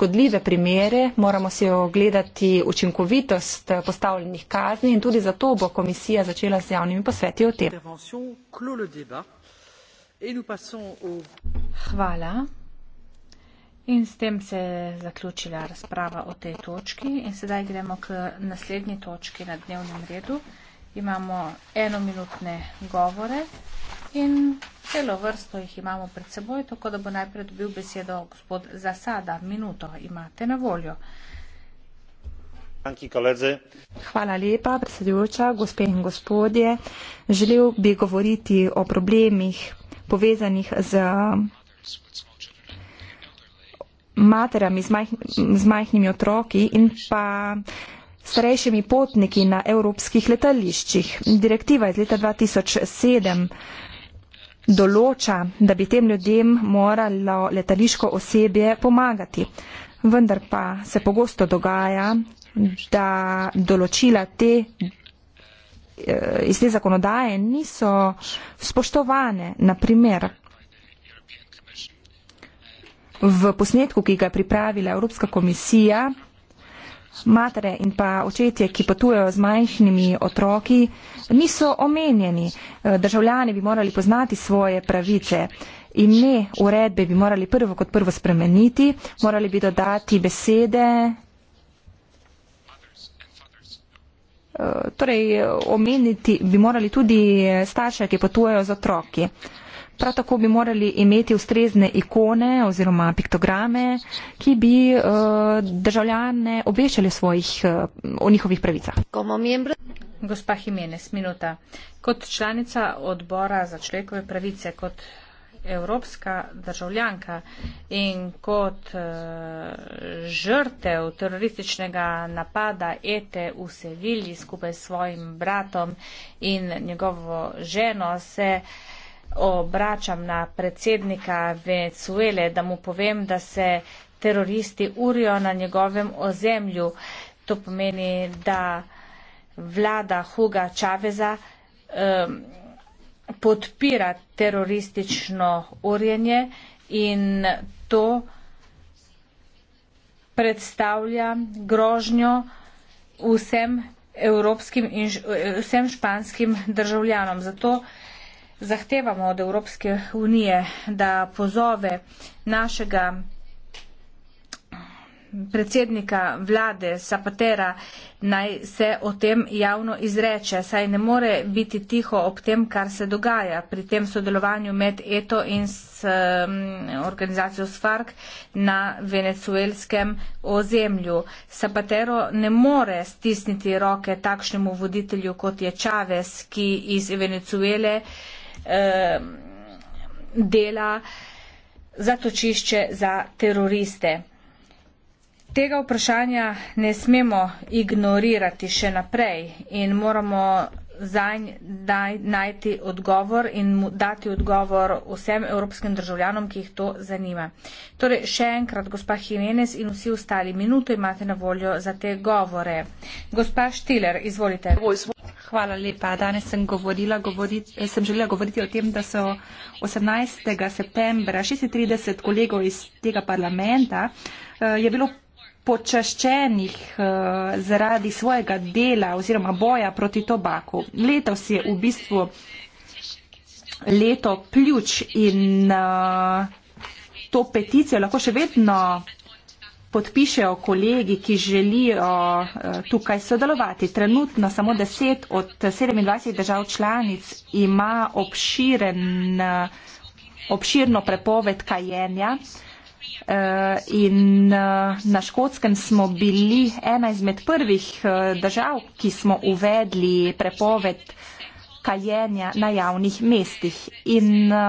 škodljive primere, moramo si ogledati učinkovitost eh, postavljenih kazni in tudi zato bo komisija začela z javnimi posveti o tem. Hvala. In s tem se je zaključila razprava o tej točki. In sedaj gremo k naslednji točki na dnevnem redu. Imamo enominutne govore. In celo vrsto jih imamo pred seboj, tako da bo najprej dobil besedo gospod Zasada. Minuto imate na voljo. Hvala lepa, predsedujoča, gospe in gospodje. Želel bi govoriti o problemih povezanih z materami z, majh, z majhnimi otroki in pa starejšimi potniki na evropskih letališčih. Direktiva iz leta 2007 določa, da bi tem ljudem moralo letališko osebje pomagati. Vendar pa se pogosto dogaja, da določila te, eh, iz te zakonodaje niso spoštovane. Naprimer, v posnetku, ki ga je pripravila Evropska komisija, matere in pa očetje, ki potujejo z majhnimi otroki, niso omenjeni. Eh, državljani bi morali poznati svoje pravice. Ime uredbe bi morali prvo kot prvo spremeniti, morali bi dodati besede, eh, torej omeniti bi morali tudi eh, starše, ki potujejo z otroki. Prav tako bi morali imeti ustrezne ikone oziroma piktograme, ki bi eh, državljane obveščali svojih, eh, o njihovih pravicah. Gospa Jimenez, minuta. Kot članica odbora za človekove pravice, kot evropska državljanka in kot eh, žrtev terorističnega napada Ete v Sevilji skupaj s svojim bratom in njegovo ženo se obračam na predsednika Venezuele, da mu povem, da se teroristi urijo na njegovem ozemlju. To pomeni, da vlada Huga Čaveza um, podpira teroristično urjenje in to predstavlja grožnjo vsem evropskim in vsem španskim državljanom. Zato zahtevamo od Evropske unije, da pozove našega predsednika vlade Zapatera naj se o tem javno izreče, saj ne more biti tiho ob tem, kar se dogaja pri tem sodelovanju med ETO in s um, organizacijo SFARC na venezuelskem ozemlju. Zapatero ne more stisniti roke takšnemu voditelju, kot je Čavez, ki iz Venezuele uh, dela zatočišče za teroriste. Tega vprašanja ne smemo ignorirati še naprej in moramo zanj najti odgovor in mu dati odgovor vsem evropskim državljanom, ki jih to zanima. Torej, še enkrat, gospa Jimenez in vsi ostali, minuto imate na voljo za te govore. Gospa Štiler, izvolite. Voj, svoj... Hvala lepa. Danes sem, govorila, govorit, sem želela govoriti o tem, da so 18. septembra 36 kolegov iz tega parlamenta eh, je bilo počaščenih eh, zaradi svojega dela oziroma boja proti tobaku. Letos je v bistvu leto pljuč in eh, to peticijo lahko še vedno podpišejo kolegi, ki želijo eh, tukaj sodelovati. Trenutno samo 10 od 27 držav članic ima obširen, eh, obširno prepoved kajenja. Eh, in na škotskem smo bili ena izmed prvih držav, ki smo uvedli prepoved kajenja kaljenja na javnih mestih. In uh,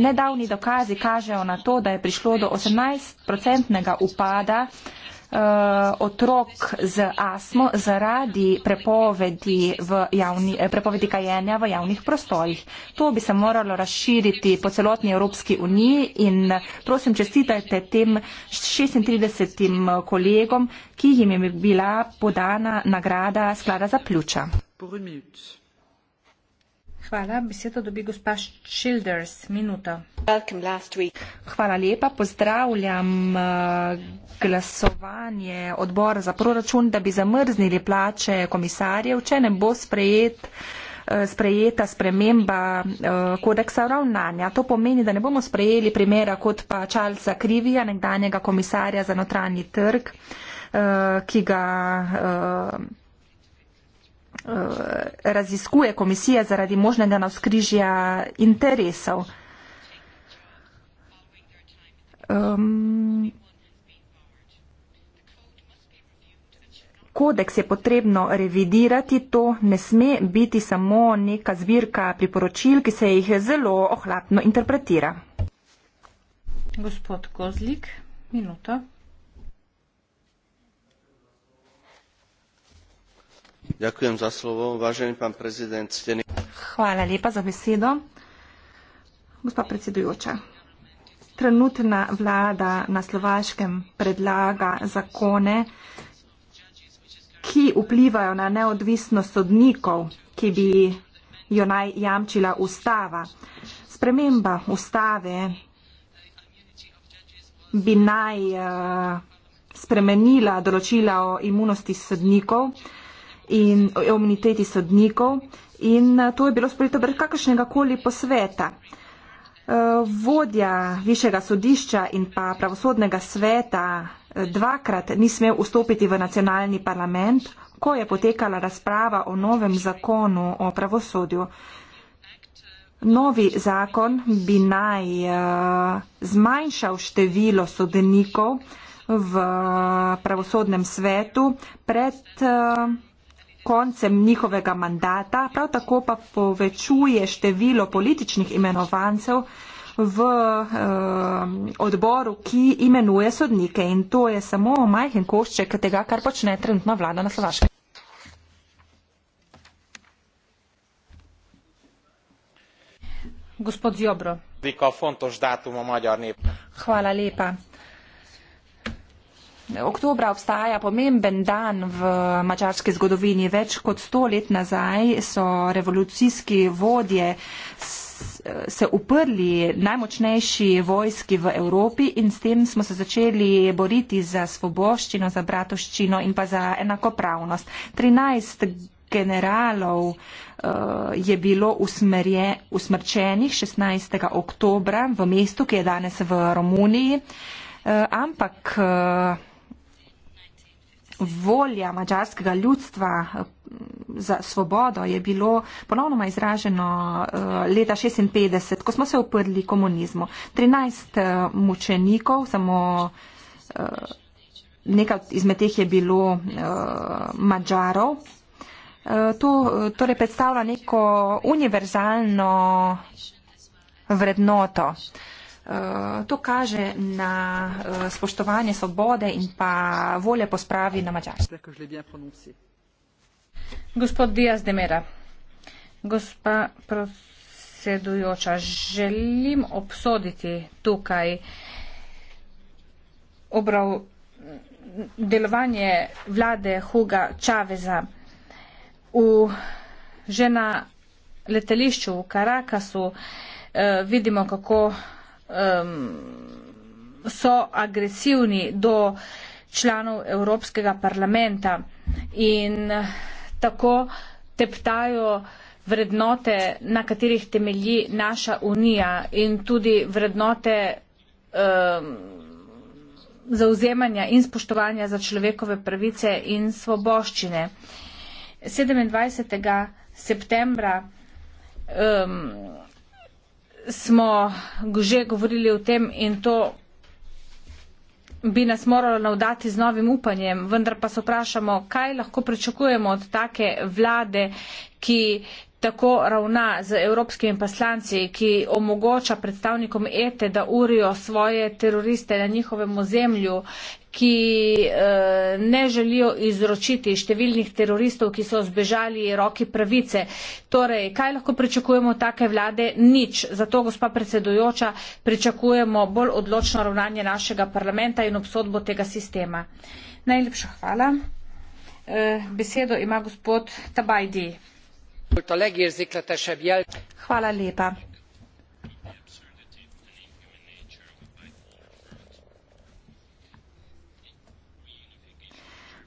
nedavni dokazi kažejo na to, da je prišlo do 18-procentnega upada uh, otrok z asmo zaradi prepovedi, javni, eh, prepovedi kajenja v javnih prostorih. To bi se moralo razširiti po celotni Evropski uniji in prosim, čestitajte tem 36 kolegom, ki jim je bila podana nagrada sklada za pljuča. Hvala. Besedo dobi gospa Childers. Minuto. Hvala lepa. Pozdravljam uh, glasovanje odbora za proračun, da bi zamrznili plače komisarjev, če ne bo sprejet uh, sprejeta sprememba uh, kodeksa ravnanja. To pomeni, da ne bomo sprejeli primera kot pa Čalca Krivija, nekdanjega komisarja za notranji trg, ki ga Eh, raziskuje komisija zaradi možnega navskrižja interesov. Um, kodeks je potrebno revidirati, to ne sme biti samo neka zbirka priporočil, ki se jih zelo ohlapno interpretira. Gospod Kozlik, minuta. Ďakujem za slovo. Vážený pán prezident, ctený... Hvala lepa za besedo. Gospa predsedujoča, trenutna vlada na Slovaškem predlaga zakone, ki vplivajo na neodvisnost sodnikov, ki bi jo naj jamčila ustava. Sprememba ustave bi naj eh, spremenila določila o imunosti sodnikov, in o imuniteti sodnikov in eh, to je bilo sprejeto brez kakršnega koli posveta. Eh, vodja višjega sodišča in pa pravosodnega sveta eh, dvakrat ni smel vstopiti v nacionalni parlament, ko je potekala razprava o novem zakonu o pravosodju. Novi zakon bi naj zmanjšal število sodnikov v pravosodnem svetu pred koncem njihovega mandata, prav tako pa povečuje število političnih imenovancev v um, odboru, ki imenuje sodnike. In to je samo majhen košček tega, kar počne trenutna vlada na Slovaškem. Gospod Jobro. Hvala lepa. Oktober obstaja pomemben dan v mačarski zgodovini. Več kot sto let nazaj so revolucijski vodje se uprli najmočnejši vojski v Evropi in s tem smo se začeli boriti za svoboščino, za bratoščino in pa za enakopravnost. 13 generalov uh, je bilo usmerje, usmrčenih 16. oktobra v mestu, ki je danes v Romuniji, uh, ampak uh, volja mačarskega ljudstva eh, za svobodo je bilo ponovno izraženo eh, leta 56, ko smo se uprli komunizmu. 13 eh, mučenikov, samo nekaj izmed teh je bilo mačarov. To torej predstavlja neko univerzalno vrednoto. Eh, to kaže na uh, spoštovanje svobode in pa volje po spravi na Mačarsko. Gospod Diaz de Mera, gospa prosedujoča, želim obsoditi tukaj obrav delovanje vlade Huga Čaveza v že na letališču v Karakasu. Uh, eh, vidimo, kako um, so agresivni do članov Evropskega parlamenta in eh, tako teptajo vrednote, na katerih temelji naša unija in tudi vrednote um, zauzemanja in spoštovanja za človekove pravice in svoboščine. 27. septembra um, smo že govorili o tem in to bi nas moralo navdati z novim upanjem, vendar pa se vprašamo, kaj lahko pričakujemo od take vlade, ki tako ravna z evropskimi poslanci, ki omogoča predstavnikom ETE, da urijo svoje teroriste na njihovem ozemlju ki eh, ne želijo izročiti številnih teroristov, ki so zbežali roki pravice. Torej, kaj lahko pričakujemo od take vlade? Nič. Zato, gospa predsedujoča, pričakujemo bolj odločno ravnanje našega parlamenta in obsodbo tega sistema. Najlepša hvala. Eh, besedo ima gospod Tabajdi. Hvala lepa.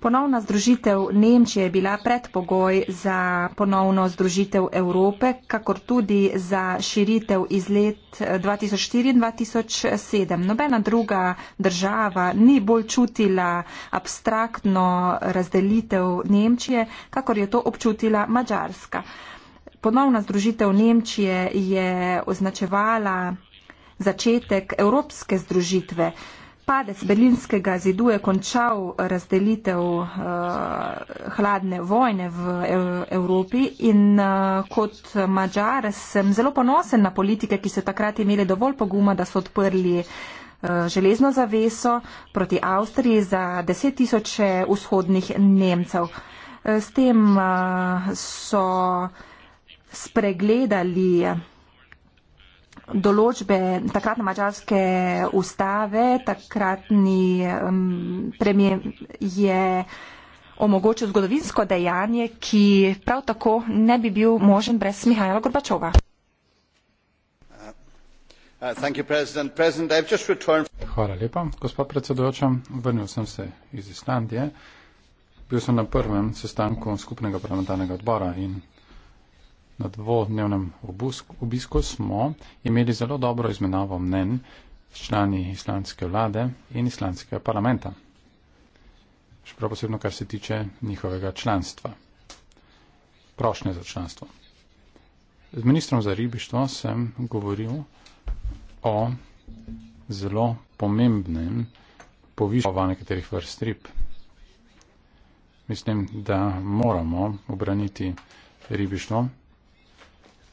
Ponovna združitev Nemčije je bila predpogoj za ponovno združitev Evrope, kakor tudi za širitev iz let 2004-2007. Eh, Nobena druga država ni bolj čutila abstraktno razdelitev Nemčije, kakor je to občutila Mačarska. Ponovna združitev Nemčije je označevala začetek evropske združitve padec berlinskega zidu je končal razdelitev uh, hladne vojne v Evropi in uh, kot mađar sem zelo ponosen na politike, ki so takrat imeli dovolj poguma, da so odprli eh, železno zaveso proti Avstriji za deset tisoče vzhodnih Nemcev. S tem so spregledali določbe takratne mačarske ustave, takratni um, premije je omogočil zgodovinsko dejanje, ki prav tako ne bi bil možen brez Mihajla Gorbačova. Uh, Hvala lepa, gospod predsedujoča. Vrnil sem se iz Islandije. Bil sem na prvem sestanku skupnega parlamentarnega odbora in Na dvodnevnem obisku smo imeli zelo dobro izmenavo mnen s člani islandske vlade in islandskega parlamenta. Še prav posebno, kar se tiče njihovega članstva, prošnje za članstvo. Z ministrom za ribištvo sem govoril o zelo pomembnem povišanju nekaterih vrst rib. Mislim, da moramo obraniti ribištvo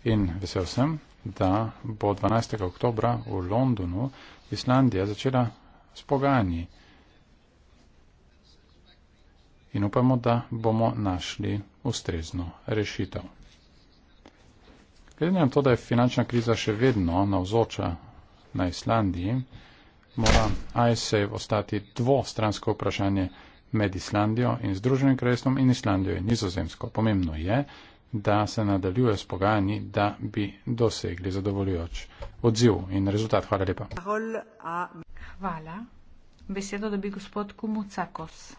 In vesel sem, da bo 12. oktobra v Londonu Islandija začela s pogajanji. In upamo, da bomo našli ustrezno rešitev. Glede na to, da je finančna kriza še vedno navzoča na Islandiji, mora ISAVE ostati dvostransko vprašanje med Islandijo in Združenim kraljestvom in Islandijo in Nizozemsko. Pomembno je, da se nadaljuje s pogajanji, da bi dosegli zadovoljujoč odziv in rezultat. Hvala lepa. Hvala. Besedo dobi gospod Kumucakos.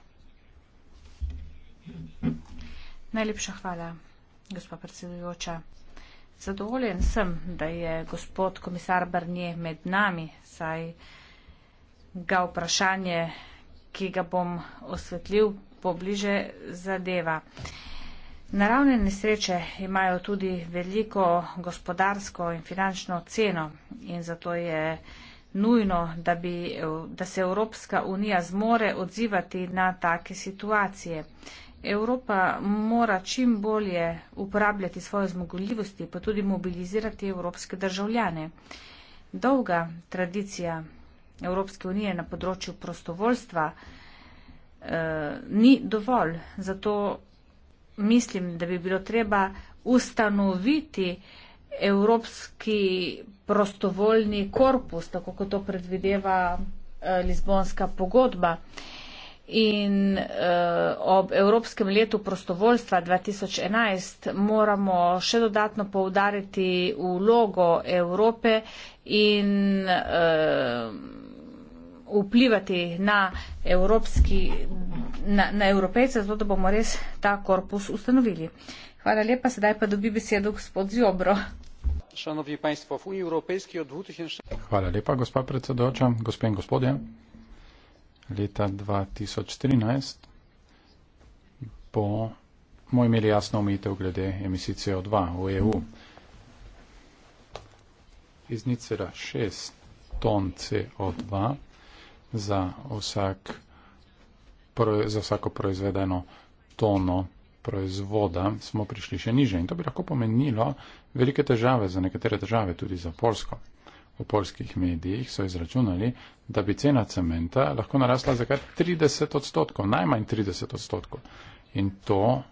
Najlepša hvala, gospod predsedujoča. Zadovoljen sem, da je gospod komisar Barnje med nami, saj ga vprašanje, ki ga bom osvetljil, pobliže zadeva. Uh, Naravne nesreče imajo tudi veliko gospodarsko in finančno ceno in zato je nujno, da, bi, da se Evropska unija zmore odzivati na take situacije. Evropa mora čim bolje uporabljati svoje zmogljivosti, pa tudi mobilizirati evropske državljane. Dolga tradicija Evropske unije na področju prostovoljstva eh, ni dovolj, zato mislim, da bi bilo treba ustanoviti Evropski prostovoljni korpus, tako kot to predvideva eh, Lizbonska pogodba. In eh, ob Evropskem letu prostovoljstva 2011 moramo še dodatno poudariti vlogo Evrope in eh, vplivati na evropski, na, na evropejce, zato da bomo res ta korpus ustanovili. Hvala lepa, sedaj pa dobi besedo gospod Zjobro. Šanovni państwo, v Uniji Evropejski od 2006. Hvala lepa, gospa predsedoča, gospe in gospodje. Leta 2013 bomo imeli jasno omejitev glede emisij CO2 v EU. Iz 0,6 ton CO2 za, vsak, za vsako proizvedeno tono proizvoda smo prišli še niže in to bi lahko pomenilo velike težave za nekatere države, tudi za Polsko. V polskih medijih so izračunali, da bi cena cementa lahko narasla za kar 30 odstotkov, najmanj 30 odstotkov. In to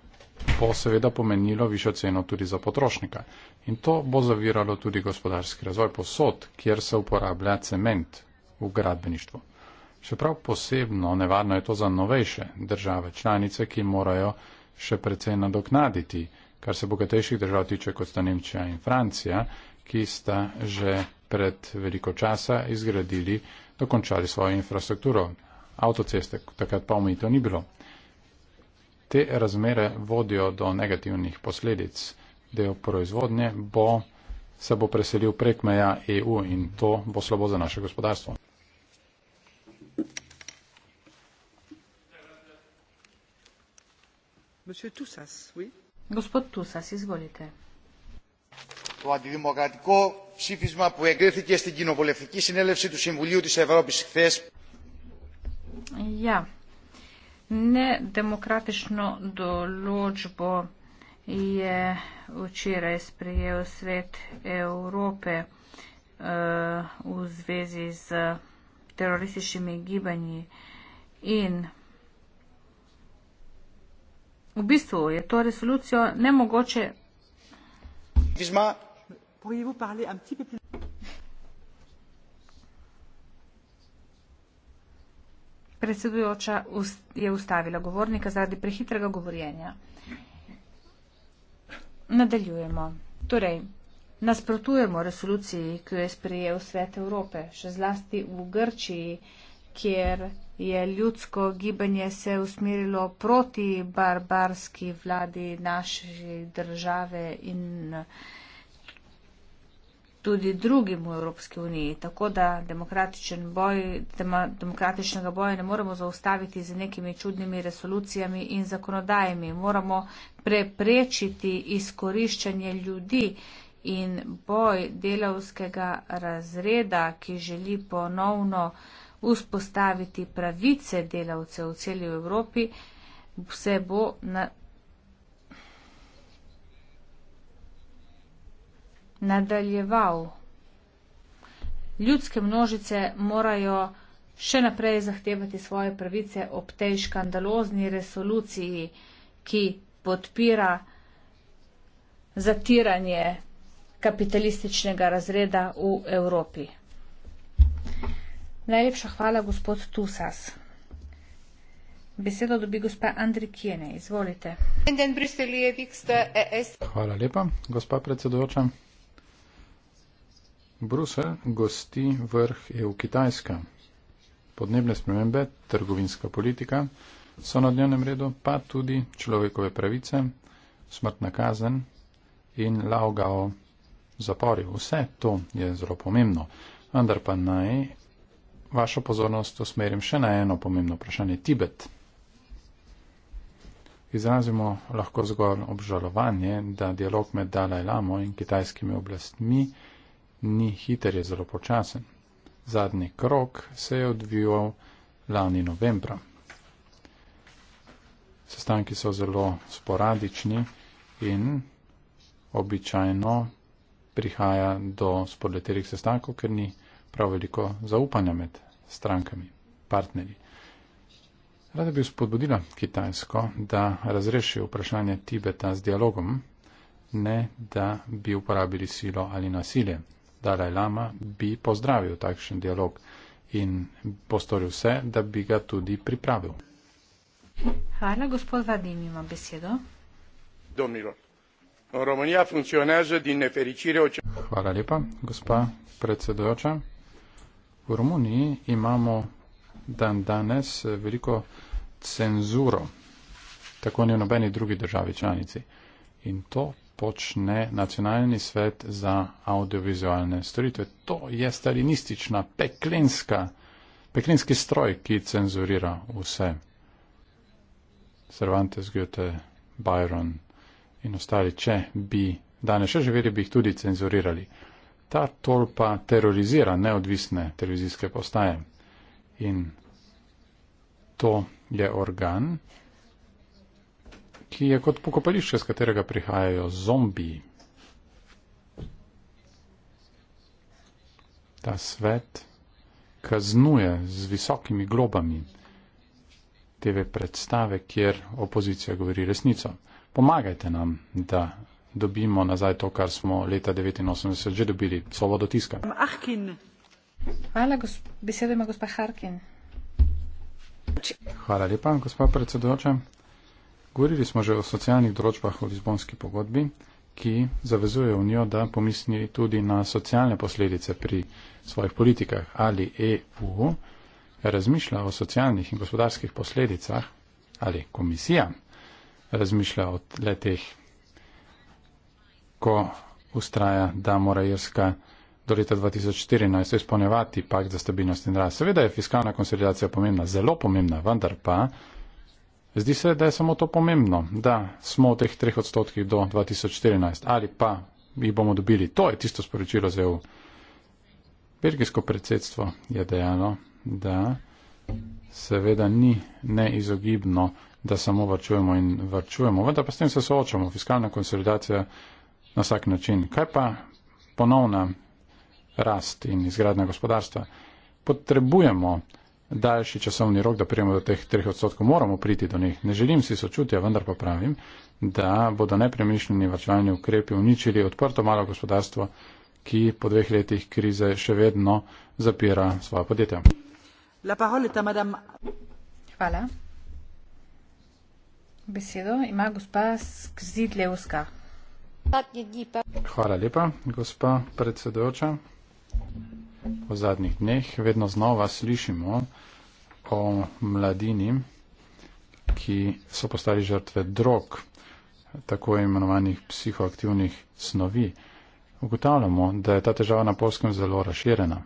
bo seveda pomenilo višjo ceno tudi za potrošnika. In to bo zaviralo tudi gospodarski razvoj posod, kjer se uporablja cement v gradbeništvu. Še prav posebno nevarno je to za novejše države članice, ki morajo še precej nadoknaditi, kar se bogatejših držav tiče, kot sta Nemčija in Francija, ki sta že pred veliko časa izgradili, dokončali svojo infrastrukturo, avtoceste, takrat pa omejitev ni bilo. Te razmere vodijo do negativnih posledic. Del proizvodnje bo, se bo preselil prek meja EU in to bo slabo za naše gospodarstvo. Gospod Tusas, izvolite. Το αντιδημοκρατικό ψήφισμα που εγκρίθηκε στην κοινοβουλευτική συνέλευση του Συμβουλίου της Ευρώπης χθες. Για. Ja. Ne demokratično določbo je včeraj sprejel svet Evrope uh, v zvezi z terorističnimi gibanji in V bistvu je to resolucijo nemogoče. Predsedujoča je ustavila govornika zaradi prehitrega govorjenja. Nadaljujemo. Torej, nasprotujemo resoluciji, ki jo je sprejel Svet Evrope, še zlasti v Grčiji, kjer je ljudsko gibanje se usmerilo proti barbarski vladi naše države in tudi drugim v Evropski uniji. Tako da demokratičen boj, demokratičnega boja ne moremo zaustaviti z nekimi čudnimi resolucijami in zakonodajami. Moramo preprečiti izkoriščanje ljudi in boj delavskega razreda, ki želi ponovno uh, vzpostaviti pravice delavcev v celi Evropi, vse bo na, nadaljeval. Ljudske množice morajo še naprej zahtevati svoje pravice ob tej škandalozni resoluciji, ki podpira zatiranje kapitalističnega razreda v Evropi. Najlepša hvala, gospod Tusas. Besedo dobi gospa Andri Kijene, izvolite. Hvala lepa, gospa predsedujoča. Brusel gosti vrh EU Kitajska. Podnebne spremembe, trgovinska politika so na dnevnem redu, pa tudi človekove pravice, smrtna kazen in laugao zapori. Vse to je zelo pomembno. Vendar pa naj vašo pozornost usmerim še na eno pomembno vprašanje. Tibet. Izrazimo lahko zgolj obžalovanje, da dialog med Dalaj Lamo in kitajskimi oblastmi ni hiter, je zelo počasen. Zadnji krok se je odvijal lani novembra. Sestanki so zelo sporadični in običajno prihaja do spodleterih sestankov, ker ni prav veliko zaupanja med strankami, partnerji. Rada bi spodbudila Kitajsko, da razreši vprašanje Tibeta z dialogom, ne da bi uporabili silo ali nasilje. Dalaj Lama bi pozdravil takšen dialog in postoril vse, da bi ga tudi pripravil. Hvala, gospod Vadim, ima besedo. Domnilo. Romunija funkcionira, da ne feriči reoče. Hvala lepa, gospa predsedujoča. V Romuniji imamo dan danes eh, veliko cenzuro, tako ni v nobeni drugi državi članici. In to počne nacionalni svet za audiovizualne storitve. To je stalinistična, peklinska, peklinski stroj, ki cenzurira vse. Cervantes, Goethe, Byron in ostali, če bi danes še živeli, bi jih tudi cenzurirali ta tolpa terorizira neodvisne televizijske postaje. In to je organ, ki je kot pokopališče, z katerega prihajajo zombiji. Ta svet kaznuje z visokimi globami TV predstave, kjer opozicija govori resnico. Pomagajte nam, da dobimo nazaj to, kar smo leta 1989 že dobili, svobodo tiska. Hvala, besedo ima gospa Harkin. Hvala lepa, gospa predsedoča. Govorili smo že o socialnih določbah v Lizbonski pogodbi, ki zavezuje Unijo, da pomisli tudi na socialne posledice pri svojih politikah ali EU, razmišlja o socialnih in gospodarskih posledicah ali komisija razmišlja o le teh ko ustraja, da mora Irska do leta 2014 izpolnjevati pakt za stabilnost in rast. Seveda je fiskalna konsolidacija pomembna, zelo pomembna, vendar pa zdi se, da je samo to pomembno, da smo v teh treh odstotkih do 2014 ali pa jih bomo dobili. To je tisto sporočilo za EU. Belgijsko predsedstvo je dejalo, da seveda ni neizogibno, da samo vrčujemo in vrčujemo, vendar pa s tem se soočamo. Fiskalna konsolidacija na vsak način. Kaj pa ponovna rast in izgradna gospodarstva? Potrebujemo daljši časovni rok, da prijemo do teh treh odstotkov. Moramo priti do njih. Ne želim si sočutja, vendar pa pravim, da bodo nepremišljeni vrčevalni ukrepi uničili odprto malo gospodarstvo, ki po dveh letih krize še vedno zapira svoja podjetja. Hvala. Besedo ima gospa Skzidlevska. Hvala lepa, gospa predsedujoča. V zadnjih dneh vedno znova slišimo o mladini, ki so postali žrtve drog, tako imenovanih psihoaktivnih snovi. Ugotavljamo, da je ta težava na polskem zelo razširjena.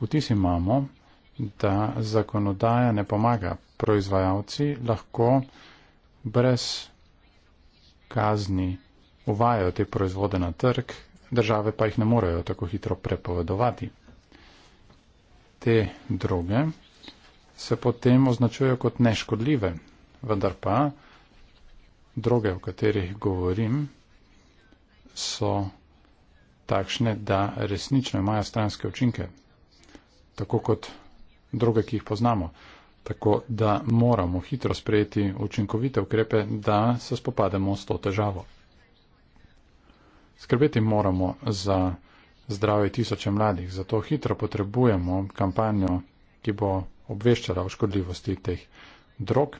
Vtis imamo, da zakonodaja ne pomaga. Proizvajalci lahko brez kazni uvajajo te proizvode na trg, države pa jih ne morejo tako hitro prepovedovati. Te droge se potem označujejo kot neškodljive, vendar pa droge, o katerih govorim, so takšne, da resnično imajo stranske učinke, tako kot droge, ki jih poznamo. Tako da moramo hitro sprejeti učinkovite ukrepe, da se spopademo s to težavo. Skrbeti moramo za zdravje tisoče mladih, zato hitro potrebujemo kampanjo, ki bo obveščala o škodljivosti teh drog,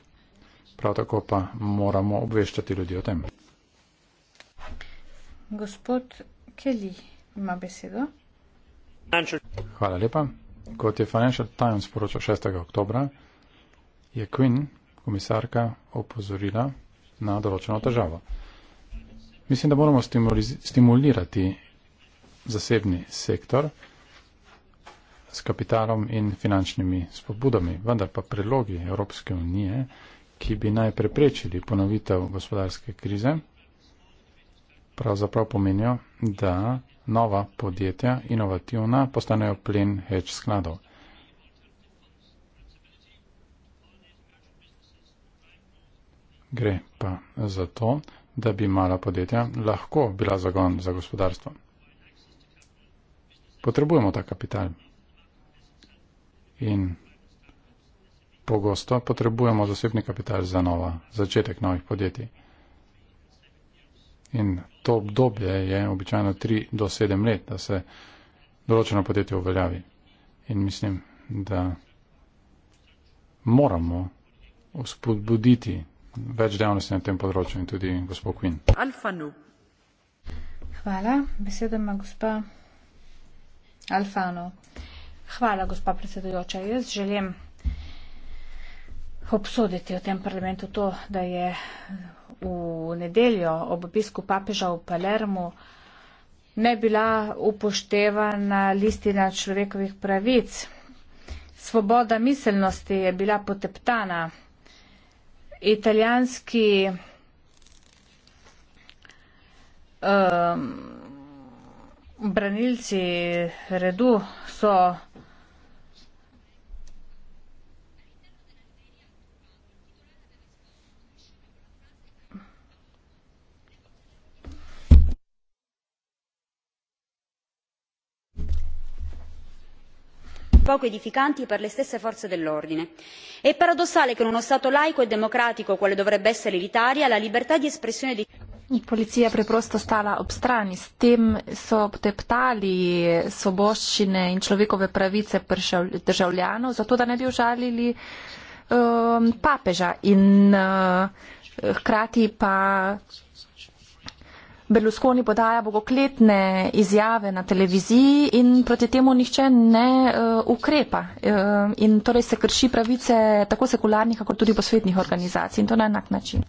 prav tako pa moramo obveščati ljudi o tem. Gospod Kelly ima besedo. Hvala lepa. Kot je Financial Times poročal 6. oktobra, je Quinn, komisarka, opozorila na določeno težavo. Mislim, da moramo stimulirati zasebni sektor s kapitalom in finančnimi spobudami, vendar pa predlogi Evropske unije, ki bi naj preprečili ponovitev gospodarske krize, pravzaprav pomenijo, da nova podjetja, inovativna, postanejo plen hedge skladov. Gre pa za to, da bi mala podjetja lahko bila zagon za gospodarstvo. Potrebujemo ta kapital. In pogosto potrebujemo zasebni kapital za nova, začetek novih podjetij. In to obdobje je običajno 3 do 7 let, da se določeno podjetje uveljavi. In mislim, da moramo vzpodbuditi več dejavnosti na tem področju in tudi gospod Quinn. Alfanu. Hvala. Beseda ima gospa Alfano. Hvala, gospa predsedujoča. Jaz želim obsoditi v tem parlamentu to, da je v nedeljo ob obisku papeža v Palermu ne bila upoštevana listina človekovih pravic. Svoboda miselnosti je bila poteptana italijanski um, branilci redu so poco edificanti e per le stesse forze dell'ordine. è paradossale che in uno stato laico e democratico quale dovrebbe essere l'italia la libertà di espressione dei. И полиция просто стала обстрани с тем, со птептали собощине и человекове правице државляно, за то да не би ужалили э, папежа. И э, хкрати па Berlusconi podaja bogokletne izjave na televiziji in proti temu nihče ne uh, ukrepa. Uh, in torej se krši pravice tako sekularnih, kako tudi posvetnih organizacij in to na enak način.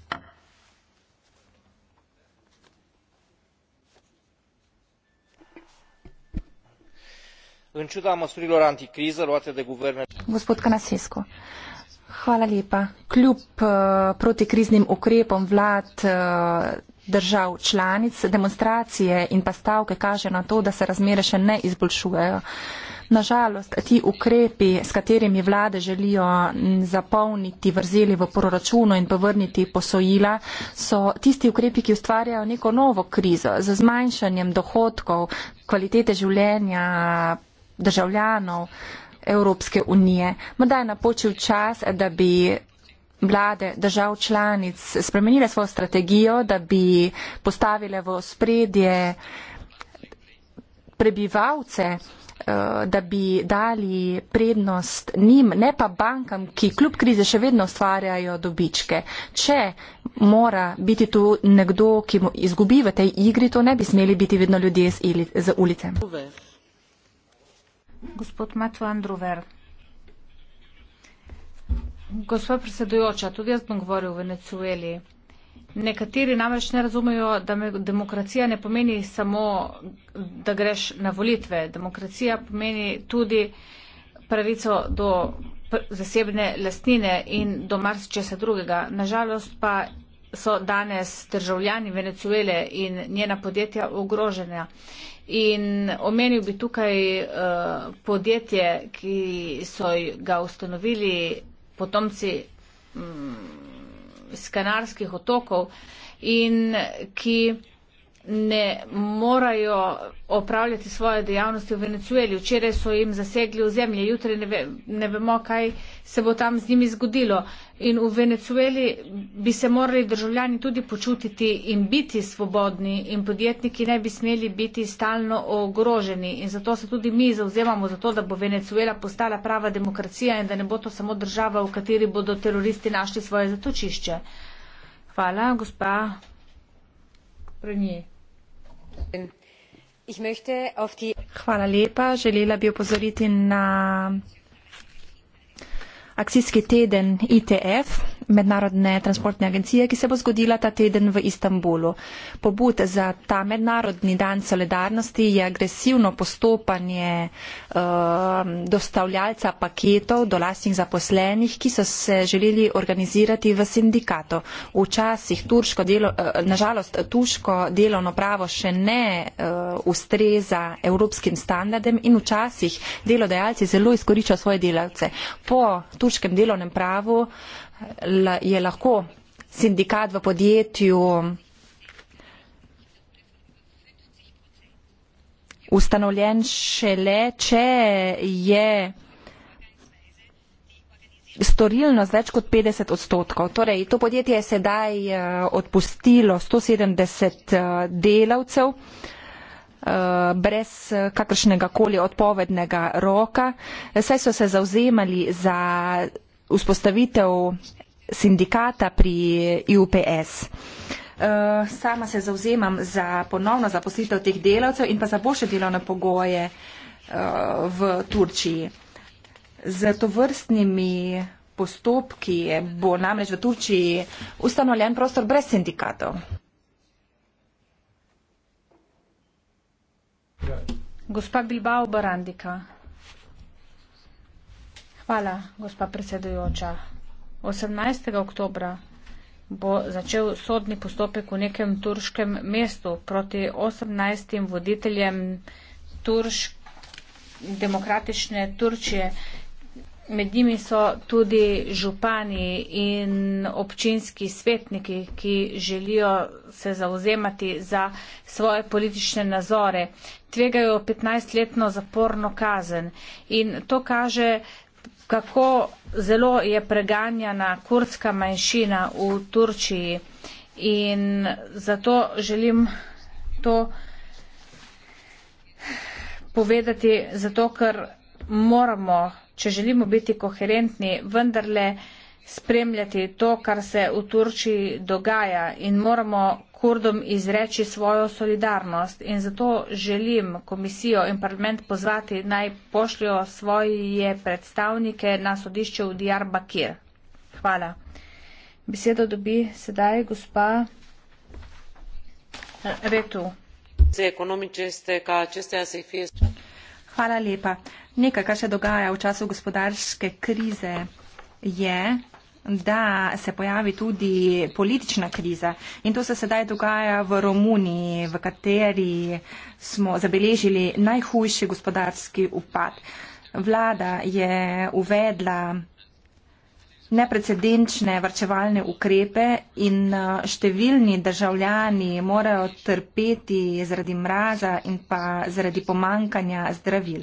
Gospod Kanasesko, hvala lepa. Kljub uh, protikriznim ukrepom vlad. Uh, držav članic. Demonstracije in pa stavke kaže na to, da se razmere še ne izboljšujejo. Nažalost, ti ukrepi, s katerimi vlade želijo zapolniti vrzeli v proračunu in povrniti posojila, so tisti ukrepi, ki ustvarjajo neko novo krizo z zmanjšanjem dohodkov, kvalitete življenja državljanov Evropske unije. Morda je napočil čas, da bi vlade držav članic spremenile svojo strategijo, da bi postavile v spredje prebivalce, eh, da bi dali prednost njim, ne pa bankam, ki kljub krize še vedno ustvarjajo dobičke. Če mora biti tu nekdo, ki mu izgubi v tej igri, to ne bi smeli biti vedno ljudje z ulicem. Gospod Matu Andruver. Gospa predsedujoča, tudi jaz bom govoril o Venecueli. Nekateri namreč ne razumejo, da demokracija ne pomeni samo, da greš na volitve. Demokracija pomeni tudi pravico do zasebne lastnine in do marsičesa drugega. Nažalost pa so danes državljani Venecuele in njena podjetja ogrožena. In omenil bi tukaj uh, podjetje, ki so ga ustanovili potomci mm, Skanarskih otokov in ki ne morajo opravljati svoje dejavnosti v Venecueli. Včeraj so jim zasegli ozemlje, jutri ne, ve, ne vemo, kaj se bo tam z njimi zgodilo. In v Venecueli bi se morali državljani tudi počutiti in biti svobodni in podjetniki ne bi smeli biti stalno ogroženi. In zato se tudi mi zauzemamo za to, da bo Venecuela postala prava demokracija in da ne bo to samo država, v kateri bodo teroristi našli svoje zatočišče. Hvala, gospa. Premier. Hvala lepa. Želela bi opozoriti na akcijski teden ITF, mednarodne transportne agencije, ki se bo zgodila ta teden v Istanbulu. Pobud za ta mednarodni dan solidarnosti je agresivno postopanje uh, um, dostavljalca paketov do lastnih zaposlenih, ki so se želeli organizirati v sindikato. Včasih turško delo, uh, eh, nažalost, turško delovno pravo še ne uh, ustreza evropskim standardem in včasih delodajalci zelo izkoriščajo svoje delavce. Po turškem delovnem pravu je lahko sindikat v podjetju ustanovljen šele, če je storilnost več kot 50 odstotkov. Torej, to podjetje je sedaj eh, odpustilo 170 eh, delavcev. Eh, brez kakršnega koli odpovednega roka. Saj so se zauzemali za vzpostavitev sindikata pri UPS. Eh, sama se zauzemam za ponovno zaposlitev teh delavcev in pa za boljše delovne pogoje eh, v Turčiji. Z to vrstnimi postopki bo namreč v Turčiji ustanovljen prostor brez sindikatov. Gospa Bilbao Barandika. Hvala, gospa predsedujoča. 18. oktobra bo začel sodni postopek v nekem turškem mestu proti 18. voditeljem Turš, demokratične Turčije, Med njimi so tudi župani in občinski svetniki, ki želijo se zauzemati za svoje politične nazore. Tvegajo 15-letno zaporno kazen in to kaže, kako zelo je preganjana kurdska manjšina v Turčiji. In zato želim to povedati, zato ker moramo če želimo biti koherentni, vendarle spremljati to, kar se v Turčiji dogaja in moramo kurdom izreči svojo solidarnost. In zato želim komisijo in parlament pozvati naj pošljo svoje predstavnike na sodišče v Diyar Bakir. Hvala. Besedo dobi sedaj gospa eh, Retu. Zdaj, ekonomiče ste, kaj če ste, jaz se jih fiz. Hvala lepa. Nekaj, kar se dogaja v času gospodarske krize, je, da se pojavi tudi politična kriza. In to se sedaj dogaja v Romuniji, v kateri smo zabeležili najhujši gospodarski upad. Vlada je uvedla neprecedenčne vrčevalne ukrepe in eh, številni državljani morajo trpeti zaradi mraza in pa zaradi pomankanja zdravil.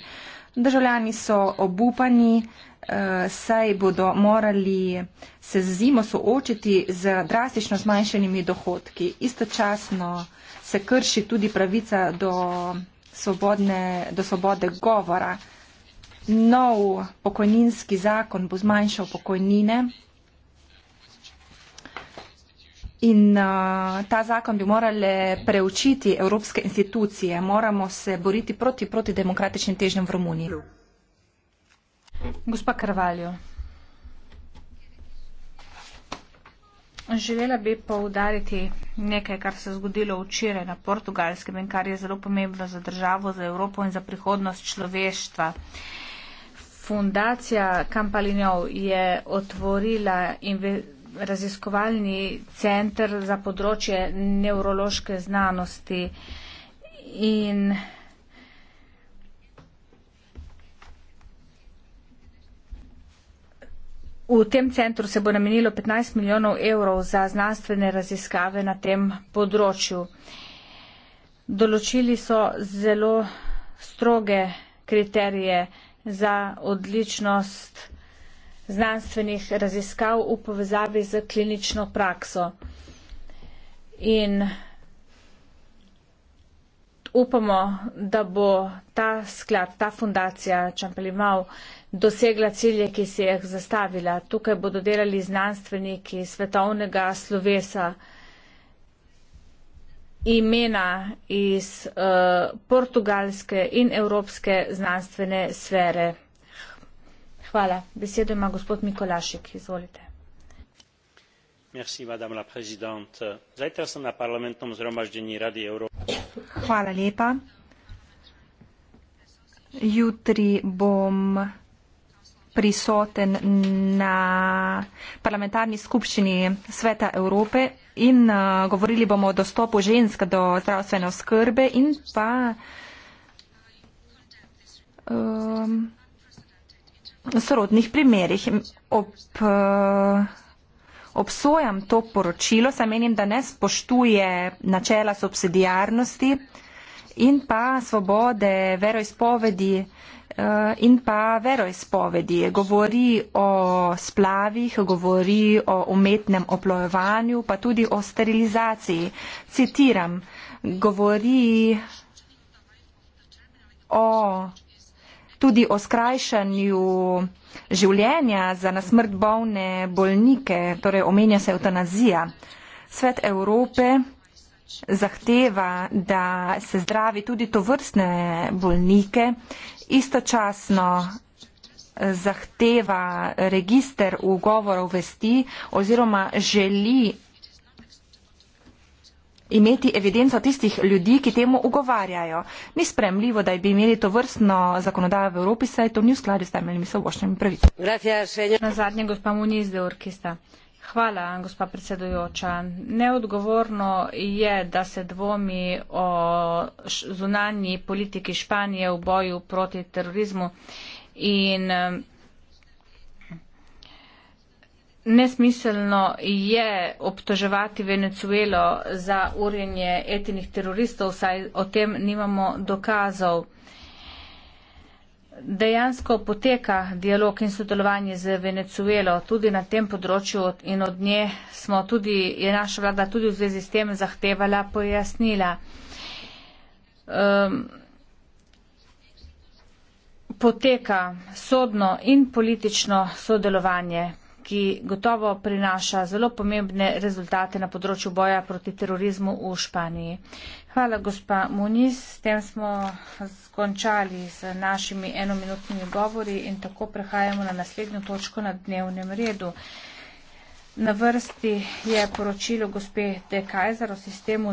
Državljani so obupani, eh, saj bodo morali se z zimo soočiti z drastično zmanjšenimi dohodki. Istočasno se krši tudi pravica do, svobodne, do svobode govora nov pokojninski zakon bo zmanjšal pokojnine. In uh, ta zakon bi morale preučiti evropske institucije. Moramo se boriti proti, proti demokratičnim težnjam v Romuniji. Gospa Krvaljo. Želela bi poudariti nekaj, kar se je zgodilo včeraj na portugalskem in kar je zelo pomembno za državo, za Evropo in za prihodnost človeštva. Uh, Fundacija Kampalinov je otvorila raziskovalni center za področje nevrološke znanosti in v tem centru se bo namenilo 15 milijonov evrov za znanstvene raziskave na tem področju. Določili so zelo stroge kriterije za odličnost znanstvenih raziskav v povezavi z klinično prakso. In upamo, da bo ta sklad, ta fundacija Čampelimav dosegla cilje, ki si jih zastavila. Tukaj bodo delali znanstveniki svetovnega slovesa imena iz uh, portugalske in evropske znanstvene sfere. Hvala. Besedo ima gospod Mikolašik. Izvolite. Merci, Zajtra sem na parlamentnom zromaždenju Radi Evrope. Hvala lepa. Jutri bom prisoten na parlamentarni skupščini Sveta Evrope in uh, govorili bomo o dostopu žensk do zdravstvene oskrbe in pa um, sorodnih primerih. Ob, uh, obsojam to poročilo, saj menim, da ne spoštuje načela subsidijarnosti in pa svobode veroizpovedi Eh, in pa veroizpovedi. Govori o splavih, govori o umetnem oplojevanju, pa tudi o sterilizaciji. Citiram, govori o tudi o skrajšanju življenja za nasmrt bolne bolnike, torej omenja se eutanazija. Svet Evrope zahteva, da se zdravi tudi to vrstne bolnike, istočasno eh, zahteva register ugovorov vesti oziroma želi imeti evidenco tistih ljudi, ki temu ugovarjajo. Ni spremljivo, da bi imeli to vrstno zakonodajo v Evropi, saj to ni v skladu s temeljnimi soboščnimi pravicami. Hvala, gospa predsedujoča. Neodgovorno je, da se dvomi o zunanji politiki Španije v boju proti terorizmu in ehm, nesmiselno je obtoževati Venezuelo za urjenje etinih teroristov, saj o tem nimamo dokazov dejansko poteka dialog in sodelovanje z Venezuelo tudi na tem področju in od nje smo tudi, je naša vlada tudi v zvezi s tem zahtevala pojasnila. Um, poteka sodno in politično sodelovanje, ki gotovo prinaša zelo pomembne rezultate na področju boja proti terorizmu v Španiji. Hvala, gospa Muniz. S tem smo skončali z našimi enominutnimi govori in tako prehajamo na naslednjo točko na dnevnem redu. Na vrsti je poročilo gospe De Kajzer o sistemu